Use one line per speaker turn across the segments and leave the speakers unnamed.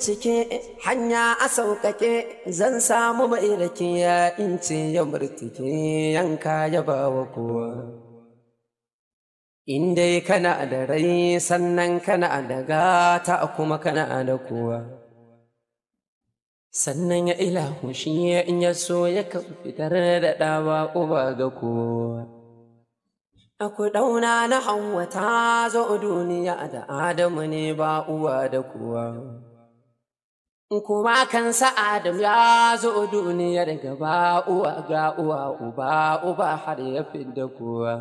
bincike hanya a sauƙaƙe zan samu mai rake ya inci ya murtike yanka ya ba wa kowa. In dai kana da rai sannan kana da gata kuma kana da kowa. sannan ya ilahu shi ya in ya so ya fitar da ɗawa uba ga kowa. A ku ɗauna na hauwa ta zo duniya da Adamu ne ba uwa da kowa. Kuma kansa Adam ya zo duniyar gaba uwa ga uwa uba uba har ya fidda kowa.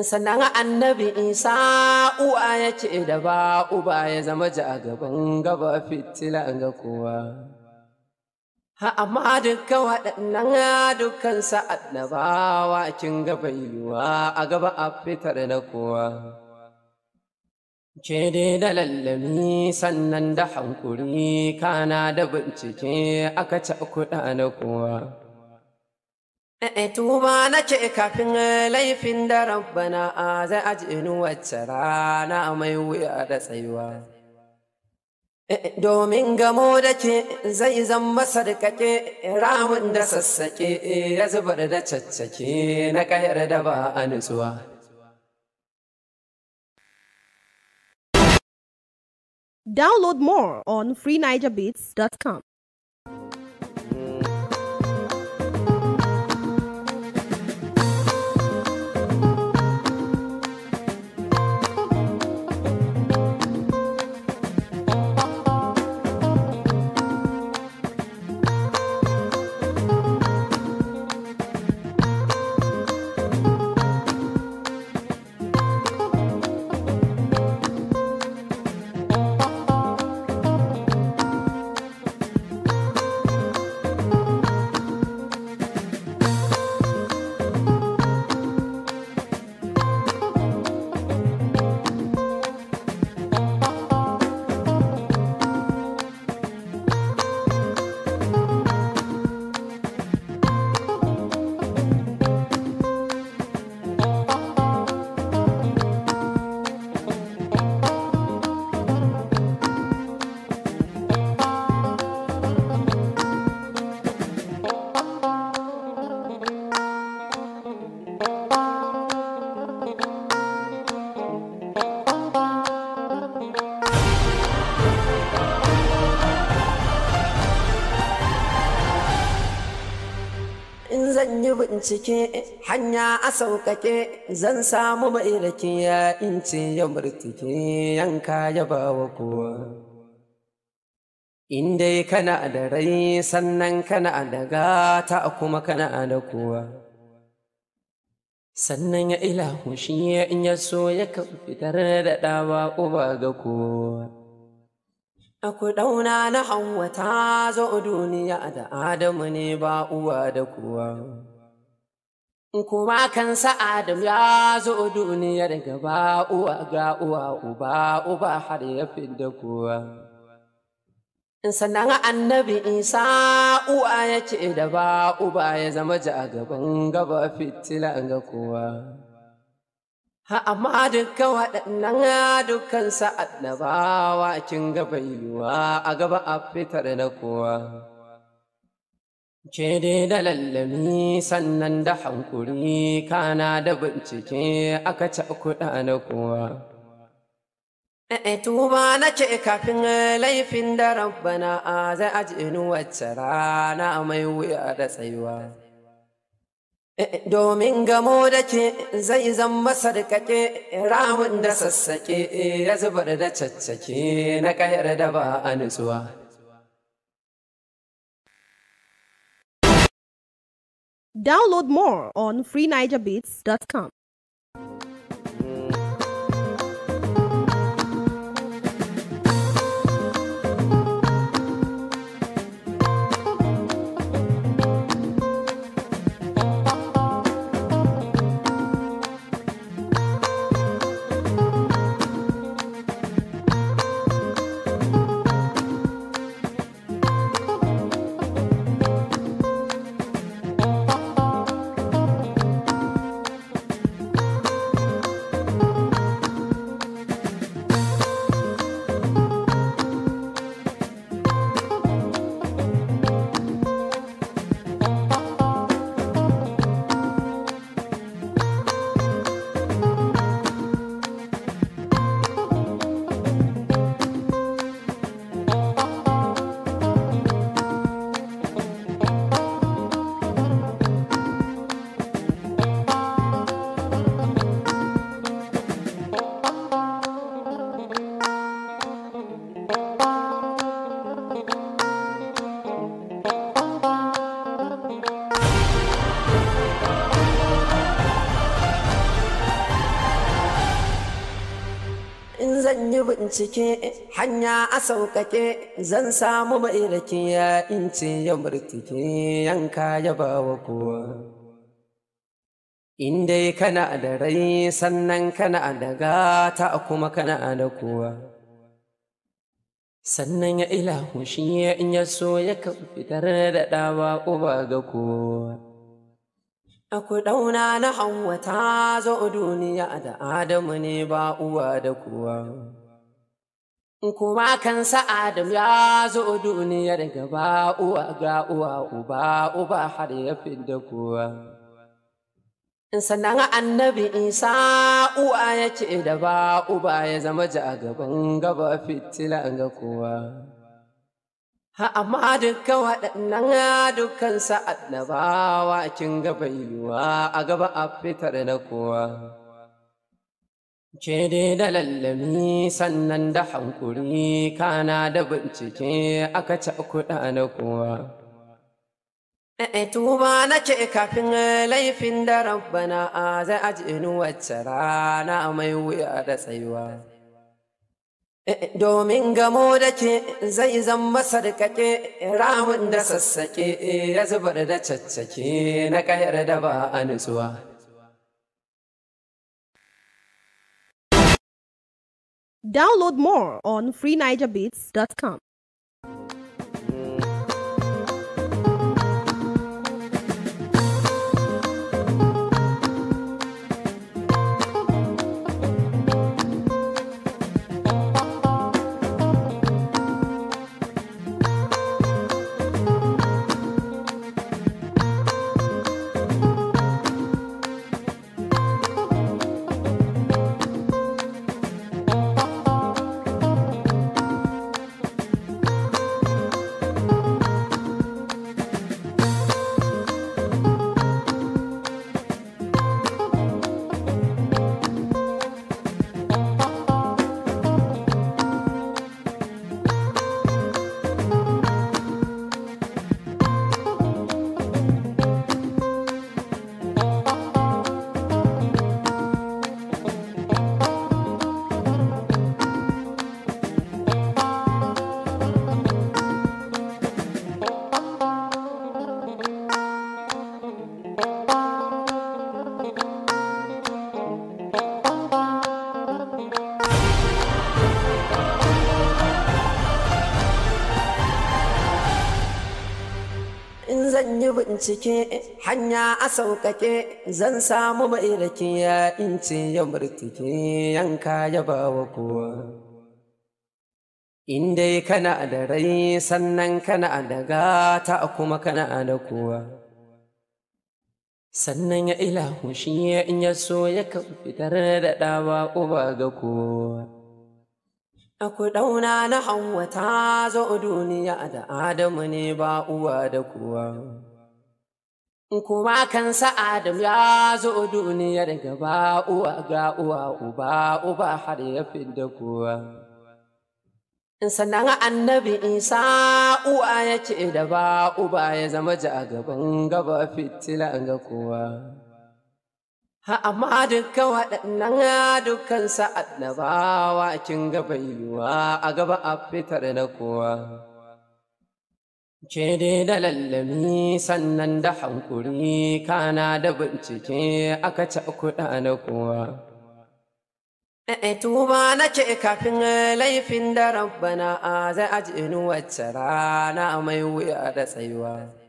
Sannan annabi Isa uwa ya ce da ba uba ya zama ja gaban gaba fitila ga kowa. amma dukkan waɗannan dukkan sa'ad kin gaba yiwuwa a gaba a fitar na kowa. Ke da lallami sannan da hankuri kana da bincike aka kuɗa na kowa. Eh, eh, tuba nake kafin laifin da rabbana a zai ajini wacce rana mai wuya da tsayuwa. Eh, domin gamo da ke zai zan masa da kake ramin da sassaƙe ya zubar da caccake na kayar da ba a nutsuwa. Download more on freenigerbeats.com. zan yi bincike hanya a sauƙaƙe zan samu mai rake ya inci ya murtuke yanka ya ba wa kowa in dai kana da rai sannan kana da gata kuma kana da kowa sannan ya ilahu shi ya in ya so ya kan fitar da ɗawa uba ga kowa. A kuɗauna na hauwa ta zo duniya da Adamu ne ba uwa da kowa. kuma kansa Adam ya zo duniyar gaba uwa ga uwa uba uba har ya da kowa. Sannan annabi Isa uwa ya ce da ba uba ya zama jagaban gaban gaba fitila ga kowa. Ha amma dukkan waɗannan dukkan sa'ad na ba wakin gaba yiwuwa a gaba a fitar na kowa. Ke da lallami sannan da hankuri kana da bincike aka kuɗa na kowa. Eh, eh, tuba nake kafin laifin da rabbana a zai ajini wacce rana mai wuya da tsayuwa. Eh, domin gamo da ke zai zan masarkake ramun da sassaƙe ya zubar da caccake na ƙayar da ba a nutsuwa. Download more on freenigerbeats.com. bincike hanya a sauƙaƙe zan samu mai rake ya ince ya murtuke yanka ya ba wa kowa. In dai kana da rai sannan kana da gata kuma kana da kowa. Sannan ya ilahu shi in ya so ya kan fitar da ɗawa uba ga kowa. ku ɗauna na hauwa ta zo duniya da Adamu ne ba uwa da kowa. kuma kan sa'adam ya zo duniyar gaba uwa ga uwa uba uba har ya da kowa sannan annabi isa uwa ya ce da ba uba ya zama ji a gaban gaba fitila ga kowa ha amma dukkan waɗannan dukkan sa'ad na ba wakin gaba yiwuwa a gaba a fitar na kowa Ke dai da lallami sannan da hankuri kana da bincike aka ci kuɗa na kowa. Eh, eh, tuba nake kafin laifin da rabbana a zai ajini wacce rana mai wuya da tsayuwa. Eh, domin gamo da ke zai zan masarkake ramin da sassaƙe ya zubar da caccake na kayar da ba a nutsuwa. Download more on freenigerbeats.com. zan yi bincike hanya a sauƙaƙe zan samu mai rake ya ince ya murtuke yanka ya bawa kowa in dai kana da rai sannan kana da gata kuma kana da kowa sannan ya ilahu shi in ya so ya kan fitar da ɗawa uba ga kowa Aku ɗauna na Hauwa ta zo duniya da Adamu ne ba uwa da kuwa. Kuma kansa Adam ya zo duniya daga ba uwa ga uwa uba uba har ya da kuwa. Sannan annabi Isa uwa ya ce da ba uba ya zama ji a gaban gaba fitila ga kowa. amma duka waɗannan dukkan Sa'ad ba wa kin gaba yiwuwa, a gaba a fitar na kowa ke dai da lallami sannan da hankuri kana da bincike aka ci kuɗa na kowa eh, Tuba nake kafin laifin da rabbana zai ajinu wacce rana mai wuya da tsayuwa.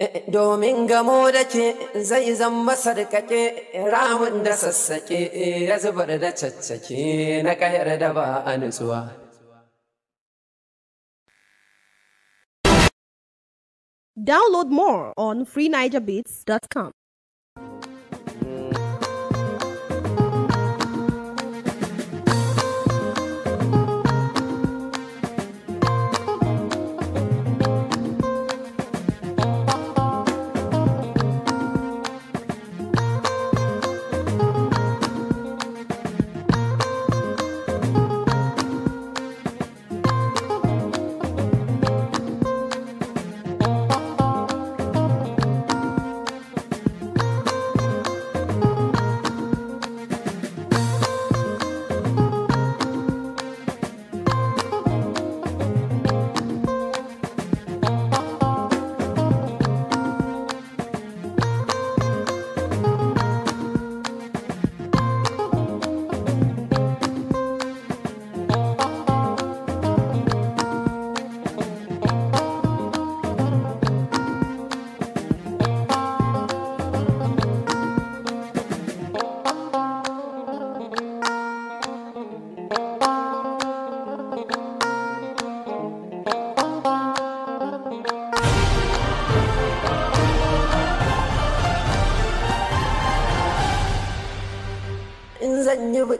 Download more on freenigerbeats.com.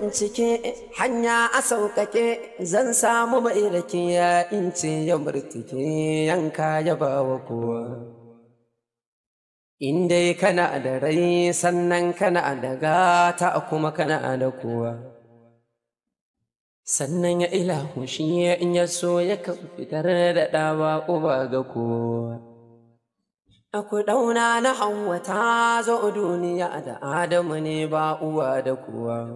bincike hanya a sauƙaƙe zan samu mai rake ya inci ya murtuke yanka ya bawa kowa in dai kana da rai sannan kana da gata kuma kana da kowa sannan ya ilahu shi in ya so ya fitar da ɗawa uba ga kowa a kuɗauna na hauwa ta zo duniya da adamu ne ba uwa da kowa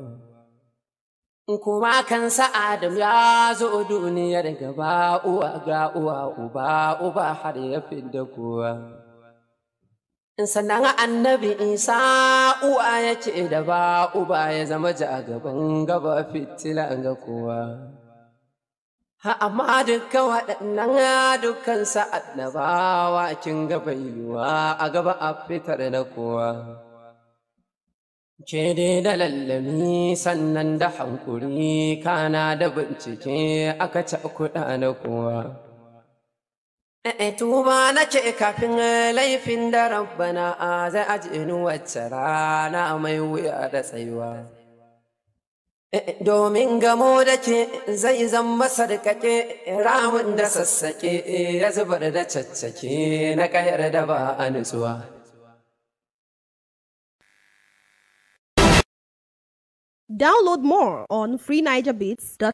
kuma kansa Adam ya zo duniyar gaba uwa ga uwa uba uba har ya da kowa. Sannan annabi Isa uwa ya ce da ba uba ya zama jagaban gaban gaba fitila ga kowa. Amma duka waɗannan dukansa annabawa kin gaba yiwuwa a gaba a fitar na kowa. Ke da lallami sannan da hankuri kana da bincike aka ci kuɗa eh, eh, na kowa. E tuba nake kafin laifin da rabbana a zai ajini wacce rana mai wuya da tsayuwa. Eh, domin gamo da ke zai zan masa rikake ramin da sassaƙe ya zubar da caccake na kayar da ba a nutsuwa. Download more on freenigerbeats.com.